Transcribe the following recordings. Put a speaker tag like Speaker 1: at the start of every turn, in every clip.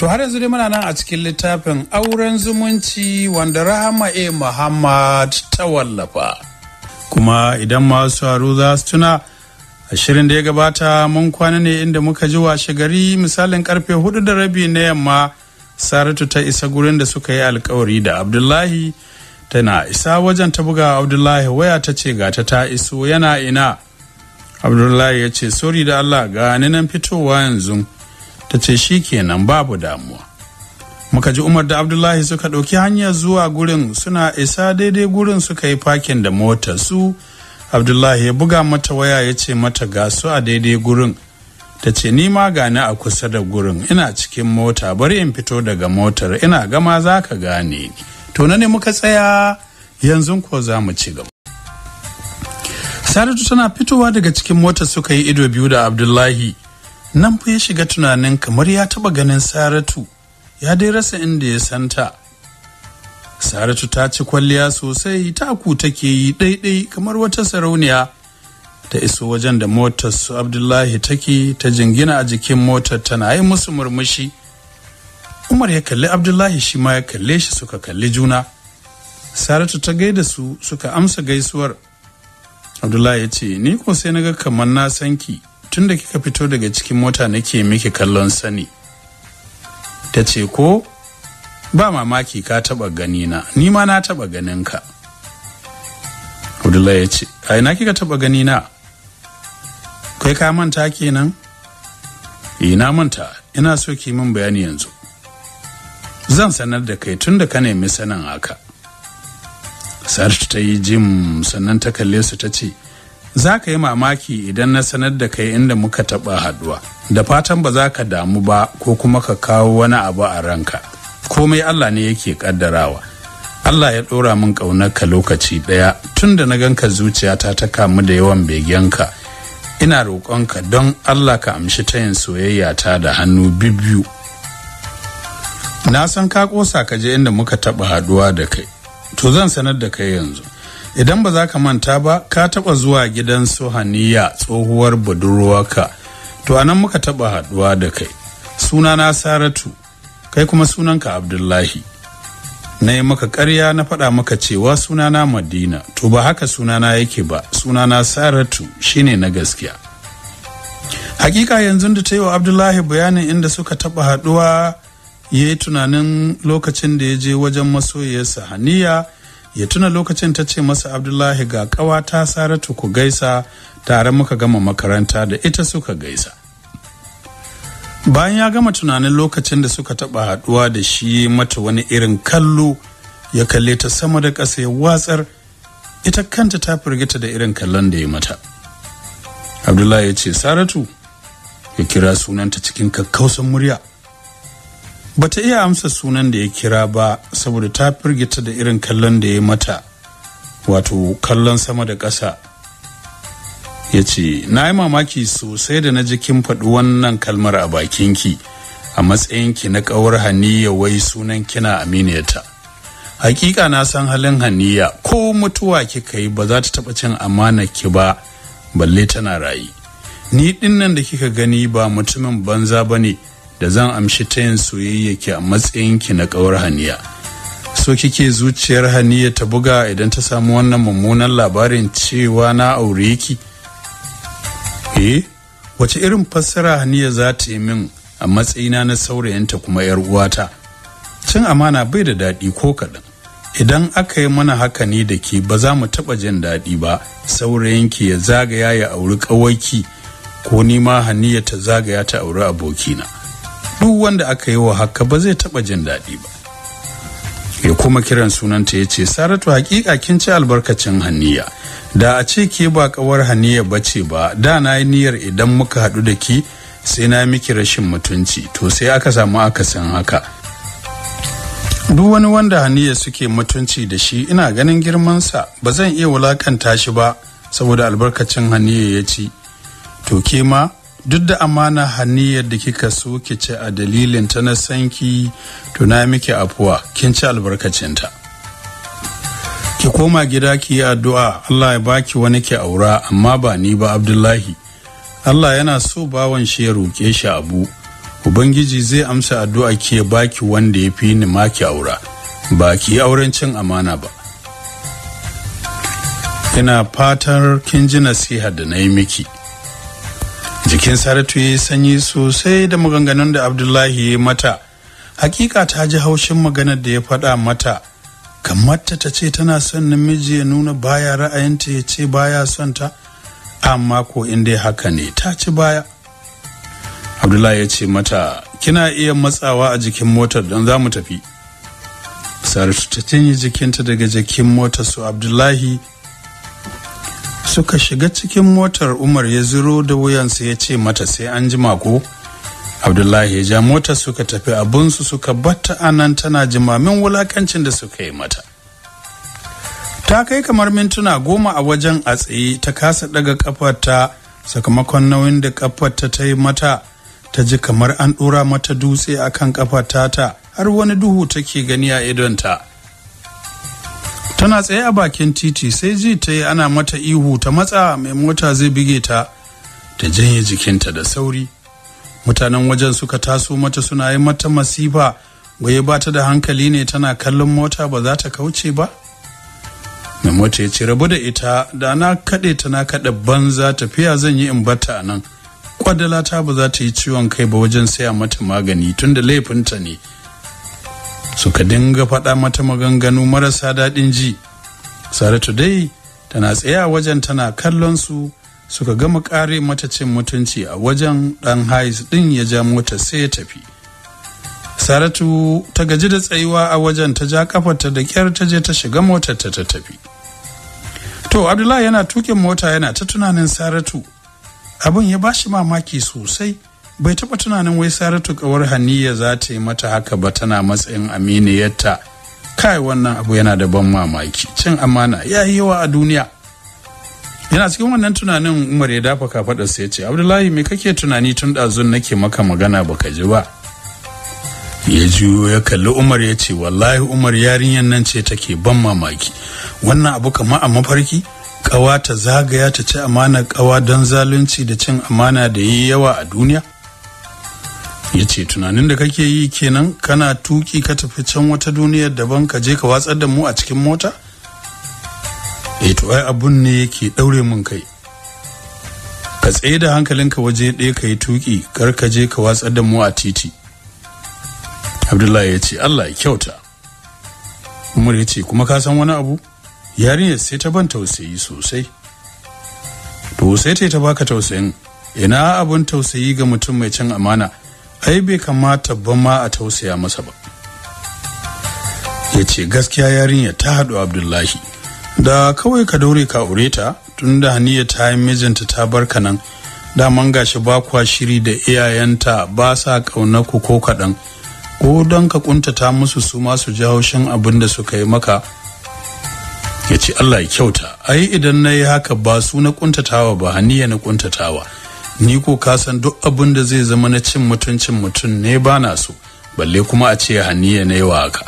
Speaker 1: to har yanzu dai muna nan a cikin littafin auren zumunci wanda rahama e muhammad ta wallafa kuma idan masu haru za su tuna ashirin da ya gabata mun kwana ne inda muka ji washe gari misalin karfe hudu da rabi na yamma saratu ta isa gurin da suka yi alkawari da abdullahi tana isa wajen ta buga abdullahi waya ta ce gata ta iso yana ina abdullahi ya ce sori da allah ga nan fitowa yanzu ta ce shi kenan babu damuwa muka ji umar da abdullahi suka ɗauki hanyar zuwa gurin suna isa daidai gurin suka yi fakin da motar su abdullahi ya buga mata waya ya ce mata ga su a daidai gurin ta ce ni ma gani a kusa da gurin ina cikin mota bari in fito daga motar ina gama za ka gane to na ne muka tsaya yanzu ko za mu ci gaba saratu tana fitowa daga cikin motar suka yi ido biyu da abdullahi nan fa ya shiga tunanin kamar ya taba ganin saratu ya dai rasa inda ya santa saratu ta ci kwalliya sosai ta taku take yi daidai kamar wata sarauniya ta iso wajen da motar su abdullahi take ta jingina a jikin motar tana yi musu murmushi umar ya kalli abdullahi shi ma ya kalle shi suka kalli juna saratu ta gaida su suka amsa gaisuwar abdullahi ya ce ni ko sai na ga kamar na san ki tun da kika fito daga cikin mota nake miki kallon sani ta ce ko ba mamaki ka taba gani na ni ma na taba ganin ka abdullahi ya ce a ina kika taba gani na kai ka manta kenan ina eh, manta ina so ki min bayani yanzu zan sanar da kai tun da ka nemi sanin haka Saratu ta yi jim sannan ta kalle su ta ce za ka yi mamaki idan na sanar da kai inda muka taɓa haɗuwa, da fatan ba za ka damu ba ko kuma ka kawo wani abu a ranka komai allah ne yake ƙaddarawa. allah ya ɗora min ƙaunarka lokaci ɗaya tun da na ka zuciyata ta kamu da yawan begenka ina roƙonka don allah ka amshi tayin soyayya ta da hannu bibiyu na san ka ƙosa ka je inda muka taɓa haɗuwa da kai to zan sanar da kai yanzu idan ba za ka manta ba ka taɓa zuwa gidan su haniya tsohuwar budurwarka to anan muka taba haɗuwa da kai sunana saratu kai kuma sunanka abdullahi na yi maka karya na faɗa maka cewa sunana madina to ba haka sunana yake ba sunana saratu shine na gaskiya hakika yanzu da ta yi wa abdullahi bayanin inda suka taba haɗuwa ya yi tunanin lokacin da ya je wajen masoyiyarsa haniya ya tuna lokacin ta ce masa abdullahi ga ƙawata saratu ku gaisa tare muka gama makaranta da ita suka gaisa bayan ya gama tunanin lokacin da suka taɓa haɗuwa da shi mata wani irin kallo ya kalle ta sama da ƙasa ya watsar ita kanta ta firgita da irin kallon da ya mata abdullahi ya ce saratu ya kira sunanta cikin kakkausan murya bata iya amsa sunan da ya kira ba saboda ta firgita da irin kallon da ya mata wato kallon sama da ƙasa ya ce na yi mamaki sosai da na ji kin faɗi wannan kalmar a bakinki a matsayinki na ƙawar haniya wai sunan kina aminiyata hakika na san halin haniya ko mutuwa kika yi ba za ta taɓa cin amana ki ba balle tana rayu ni ɗinnan da kika gani ba mutumin banza ba ne da zan amshi ta yin soyayyaki a matsayin ki na ƙawar haniya so kike zuciyar haniya ta buga idan ta samu wannan mummunan labarin cewa na aure ki eh wace irin fassara haniya za ta yi min a matsayina na saurayinta kuma yar uwata cin amana bai da daɗi ko kaɗan idan aka yi mana haka ne da ke ba za mu taɓa jin daɗi ba saurayinki ya zagaya ya auri ƙawarki, ko nima haniya ta zagaya ta auri abokina duk wanda aka yi wa haka ba zai taba jin daɗi ba ya kuma kiran sunanta ya ce saratu hakika kin ci albarkacin haniya da a ce ke ba kawar haniya ba ce ba da na yi niyyar idan muka haɗu da ki sai na miki rashin mutunci to sai aka samu akasin haka duk wani wanda haniya suke mutunci da shi ina ganin girmansa ba zan iya wulakanta shi ba saboda albarkacin haniya ya ci to ke ma duk da amana haniyar da kika so ki ci a dalilin ta na sanki tuna miki afuwa kin ci albarkacinta ki koma gida ki yi addu'a Allah ya baki wani ki aura amma ba ni ba Abdullahi Allah yana so bawan shi ya roƙe shi abu Ubangiji zai amsa addu'a ki ya baki wanda ya fi ni ma ki aura ba ki yi auren cin amana ba ina fatar kin ji nasiha da na yi miki jikin saratu ya sanyi sosai da maganganun da abdullahi ya mata hakika ta ji haushin maganar da ya faɗa mata kamar ta ta ce tana son namiji ya nuna baya ra'ayinta ya ce baya son ta amma ko in dai haka ne ta ci baya abdullahi ya ce mata kina iya matsawa a jikin motar don za mu tafi saratu ta cinye jikinta daga jikin motar su abdullahi suka shiga cikin motar umar ya ziro da wuyansa ya ce mata sai an jima ko abdullahi ya ja motar suka tafi abinsu suka batta nan tana jimamin wulakancin da suka yi mata ta kai kamar mintuna goma a wajen a tsaye ta kasa daga kafarta sakamakon nauyin da kafarta ta yi mata ta ji kamar an dora mata dutse akan kafarta ta har wani duhu take gani a idonta tana tsaye a bakin titi sai ji ta yi ana mata ihu ta matsa mai mota zai bige ta ta janye jikinta da sauri mutanen wajen suka taso mata suna yi mata masifa goye ba ta da hankali ne tana kallon mota ba za ta kauce ba mai mota ya ce rabu da ita da na kaɗe ta na kaɗa banza tafiya zan yi in bata a nan kwadala ta ba za ta yi ciwon kai ba wajen saya mata magani tun da laifinta ne suka dinga faɗa mata maganganu marasa daɗin ji saratu dai tana tsaya wajen tana kallon su suka gama ƙare mata cin mutunci a wajen ɗan hais ɗin ya ja mota sai ya tafi saratu ta gaji da tsayuwa a wajen ta ja kafarta da ƙyar ta je ta shiga motar ta tafi to abdullahi yana tukin mota yana ta tunanin saratu abin ya bashi mamaki sosai bai taba tunanin wai saratu kawar haniya za ta yi mata haka ba tana matsayin aminiyarta kai wannan abu yana da ban mamaki cin amana ya yi yawa a duniya yana cikin wannan tunanin umar ya dafa kafaɗarsa ya ce abdullahi me kake tunani tun ɗazun nake maka magana ba ka ji ba ya juyo ya kalli umar ya ce wallahi umar yarinyar nan ce take ban mamaki wannan abu kama a mafarki kawa ta zagaya ta ci amana kawa don zalunci da cin amana da yi yawa a duniya ya ce tunanin da kake yi kenan kana tuki ka tafi can wata duniyar daban ka je ka watsar da mu a cikin mota e to ai abun ne yake daure mun kai ka tsaye da hankalinka waje ɗaya ka yi tuki kar ka je ka watsar da mu a titi abdullahi ya ce allah ya kyauta umar ya ce kuma ka san wani abu yarinyar sai ta ban tausayi sosai to sai ta baka tausayin ina abun tausayi ga mutum mai cin amana ai bai kamata ba ma a tausaya masa ba ya ce gaskiya yarinya ta haɗu abdullahi da kawai ka daure ka aure ta tun da haniya ta yi mijinta ta bar ka nan daman gashi ba kwa shiri da iyayenta ba sa ƙauna ku ko kaɗan ko don ka ƙuntata musu su ma su ji haushin abin da suka yi maka ya ce allah ya kyauta ai idan na yi haka ba su na ƙuntatawa ba haniya na kuntatawa ni ko ka san duk abin da zai zama na cin mutuncin mutum ne ba na so balle kuma a ce haniya ne wa haka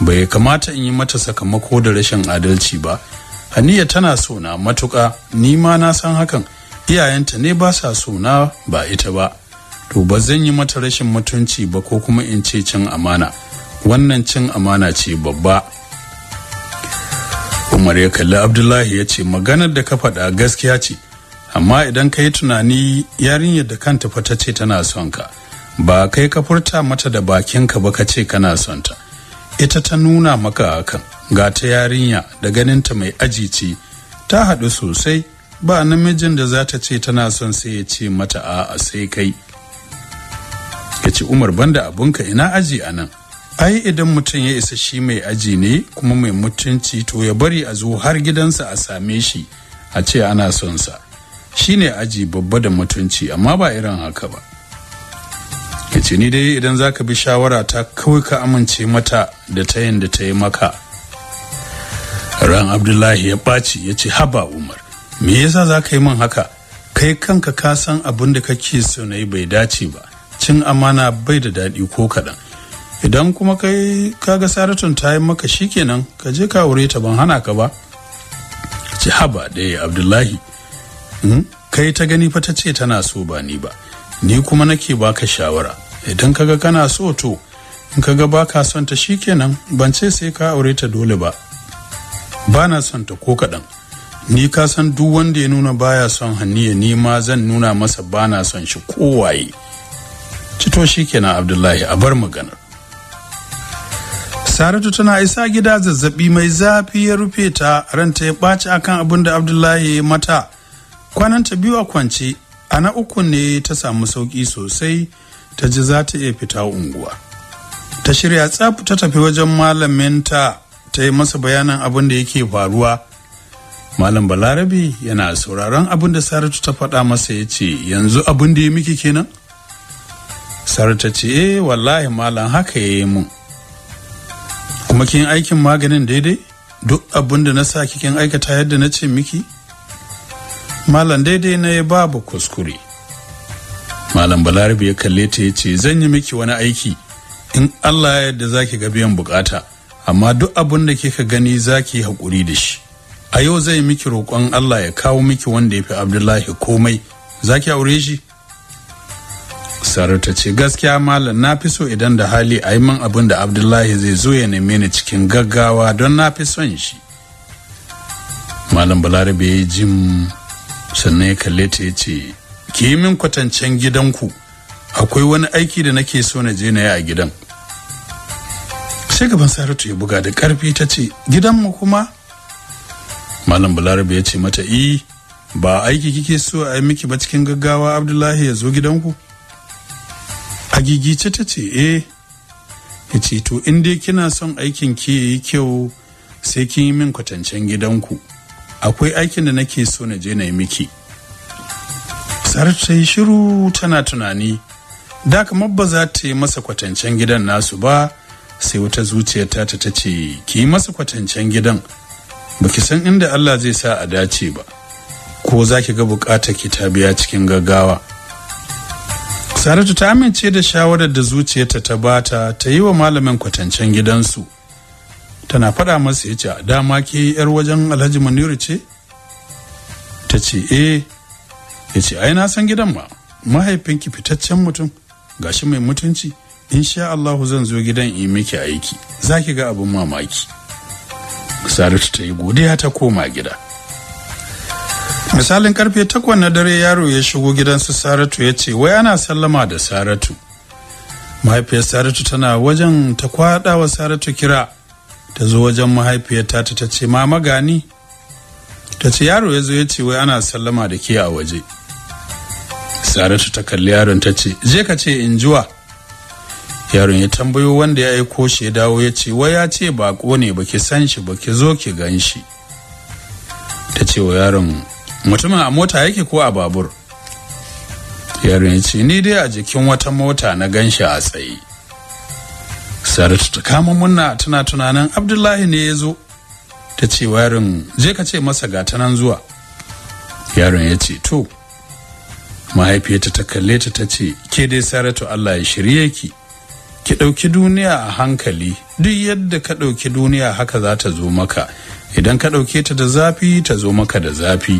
Speaker 1: bai kamata in yi mata sakamako da rashin adalci ba haniya tana so na matuƙa ni ma na san hakan iyayenta ne ba sa so na ba ita ba to ba zan yi mata rashin mutunci ba ko kuma in ce cin amana wannan cin amana ce babba umar ya kalli abdullahi ya ce maganar da ka faɗa gaskiya ce amma idan ka yi tunani yarinyar da kanta fa ta ce tana son ka ba kai ka furta mata da bakin ka ba ka ce kana son ta ita ta nuna maka hakan ga ta yarinya da ganin ta mai aji ce ta haɗu sosai ba namijin da za ta ce tana son sai ya ce mata a'a sai kai ya ci umar banda abunka ina aji a nan ai idan mutum ya isa shi mai aji ne kuma mai mutunci to ya bari a zo har gidansa a same shi a ce ana son sa shine aji babba da mutunci amma ba irin haka ba Ka ce ni dai idan za ka bi shawara ta kawai ka amince mata da ta yin da ta yi maka ran abdullahi ya ɓaci ya ce haba umar me yasa za ka yi min haka kai kanka ka san abin da kake so na bai dace ba cin amana bai da daɗi ko kaɗan idan kuma kai kaga saratun ta yi maka shikenan ka je ka aure ta ban hana ka ba ci haba ɗaya abdullahi Hmm? kai ta gani fa ta ce tana so ba ni ba ni kuma nake baka shawara idan kaga kana so to in kaga baka son ta kenan ban ce sai ka aure ta dole ba ba na son ta ko kaɗan ni ka san duk wanda ya nuna baya son hanniya ni ma zan nuna masa ba na son shi kowaye cito shikenan abdullahi a bar magana. saratu tana isa gida zazzabi mai zafi ya rufe ta ranta ya ɓaci akan abin da abdullahi ya mata kwananta biyu a kwance a na uku ne ta samu sauki sosai ta ji za ta iya fita unguwa ta shirya tsaf ta tafi wajen malaminta ta yi masa bayanan abin da yake faruwa malam balarabe yana sauraron abin da saratu ta faɗa masa ya ce yanzu abin da ya miki kenan saratu ce eh wallahi malam haka ya yi mun kuma kin aikin maganin daidai duk abin da na sa kikin aikata yadda na ce miki malam daidai na ya babu kuskure malam balarabe ya kalle ta ya ce zan yi miki wani aiki in allah ya yadda za ki ga biyan bukata amma duk abin da kika gani za ki haƙuri da shi a yau zai miki roƙon allah ya kawo miki wanda ya fi abdullahi komai za ki aure shi sarauta ce gaskiya malam na fi so idan da hali a yi min abin da abdullahi zai zo ya neme ni cikin gaggawa don na fi son shi malam balarabe ya yi sannan ya kalle ta ya ce ki yi min kwatancen gidanku akwai wani aiki da nake so na je na yi a gidan sai gaban saratu ya buga da karfi ta ce gidanmu kuma malam balarabe ya ce mata i eh, ba aiki kike so a yi miki ba cikin gaggawa abdullahi ya zo gidanku a gigice ta ce e. ya ce to in dai kina son aikin ki yi kyau sai kin yi min kwatancen gidanku akwai aikin da nake so na je na yi miki ta yi shiru tana tunani da kamar ba za ta yi masa kwatancen gidan nasu ba sai wata zuciyarta ta ta ce ki yi masa kwatancen gidan Ba ki san inda Allah zai sa a dace ba ko za ki ga bukata ki ta biya cikin gaggawa saratu ta amince da shawarar da zuciyarta ta bata ta yi wa malamin kwatancen gidansu tana faɗa masa ya ce dama ke yar wajen alhaji maniru ce ta ce eh ya ce ai na san gidan ma ki fitaccen mutum gashi mai mutunci insha Allahu zan zo gidan in miki aiki za ki ga abin mamaki saratu ta yi godiya ta koma gida misalin karfe takwas na dare yaro ya shigo gidan su saratu ya ce wai ana sallama da saratu mahaifiyar saratu tana wajen ta kwada wa saratu kira ta zo wajen mahaifiyata ta ta ce mama gani ta ce yaro ya zo ya ce wai ana sallama da ke a waje saratu ta kalli yaron ta ce je ka ce in jiwa yaron ya tambayo wanda ya aiko shi ya dawo ya ce wai ya ce ba ne ba ki san shi ba ki zo ki gan shi ta ce wa yaron mutumin a mota yake ko a babur yaron ya ce ni dai a jikin wata mota na gan shi a tsaye saratu ta kama munna tana tunanin abdullahi ne ya zo ta ce yaron je ka ce masa ga nan zuwa yaron ya ce to mahaifiyata ta kalle ta ta ce ke dai saratu allah ya shirya ki ki ɗauki duniya a hankali duk yadda ka ɗauki duniya haka za ta zo maka idan ka ɗauke ta da zafi ta zo maka da zafi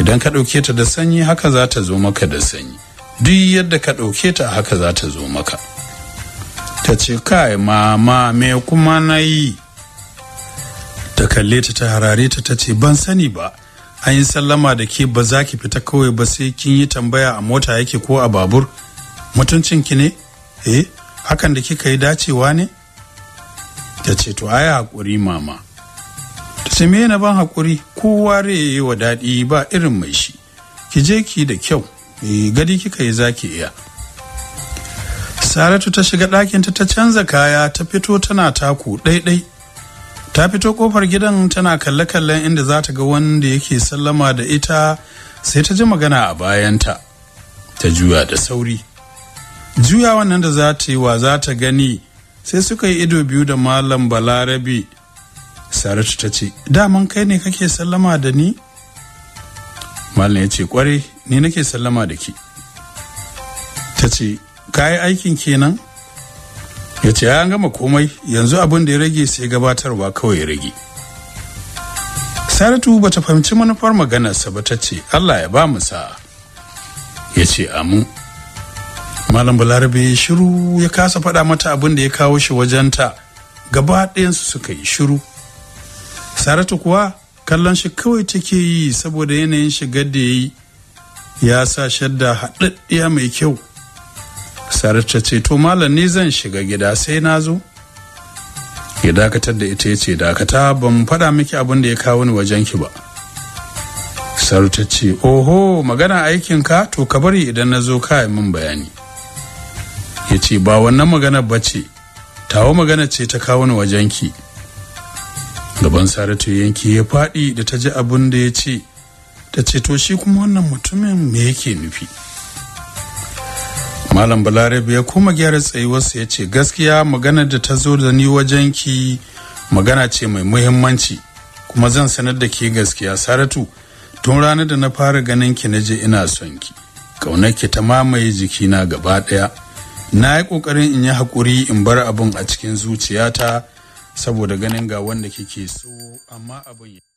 Speaker 1: idan ka ɗauke ta da sanyi haka za ta zo maka da sanyi duk yadda ka ɗauke ta haka za ta zo maka ta ce kai mama me kuma na yi ta kalle ta ta harare ta ta ce ban sani ba an yi sallama da ke ba za ki fita kawai ba sai kin yi tambaya a mota yake ko a babur mutuncin ki ne eh hakan da kika yi dacewa ne ta ce to ai hakuri mama ta ce me na ban hakuri kowa rai wa daɗi ba irin mai shi ki je ki da kyau eh, gadi kika yi zaki iya saratu ta shiga ɗakinta ta canza kaya ta fito tana taku ɗaiɗai ta fito kofar gidan tana kalle-kallen inda za ta ga wanda yake sallama da ita sai ta ji magana a bayanta ta juya da sauri juya wannan da za ta yi wa za ta gani sai suka yi ido biyu da malam balarabi saratu ta ce daman kai ne kake sallama da ni malam ya ce kware ni nake sallama da ki ta ce kayi aikin kenan ya ce ya gama komai yanzu abin da ya rage sai gabatarwa kawai ya rage saratu bata fahimci manufar maganarsa ba ta ce allah ya ba mu sa'a ya ce amu malam balarabe shiru ya kasa faɗa mata abin da ya kawo shi wajenta gaba ɗayansu suka yi shiru saratu kuwa kallon shi kawai take yi saboda yanayin shigar da ya yi ya sa shadda haɗaɗɗiya mai kyau sarar ce to malam ni zan shiga gida sai na zo ya dakatar da ita ya ce dakata ban faɗa miki abin da ya kawo ni wajen ki ba saru ta ce oho magana aikin ka to ka bari idan na zo kayan min bayani ya ce ba wannan magana ba ce tawo magana ce ta kawo ni wajen ki gaban saratu yanki ya faɗi da ta ji abin da ya ce ta ce to shi kuma wannan mutumin me yake nufi malam balarabe ya kuma gyara tsayuwarsa ya ce gaskiya maganar da ta zo da ni wajen ki magana ce mai muhimmanci kuma zan sanar da ke gaskiya saratu tun ranar da na fara ganin ki na je ina son ki ki ta mamaye jikina gaba ɗaya na yi ƙoƙarin in yi haƙuri in bar abin a cikin zuciyata saboda ganin ga wanda kike so amma abin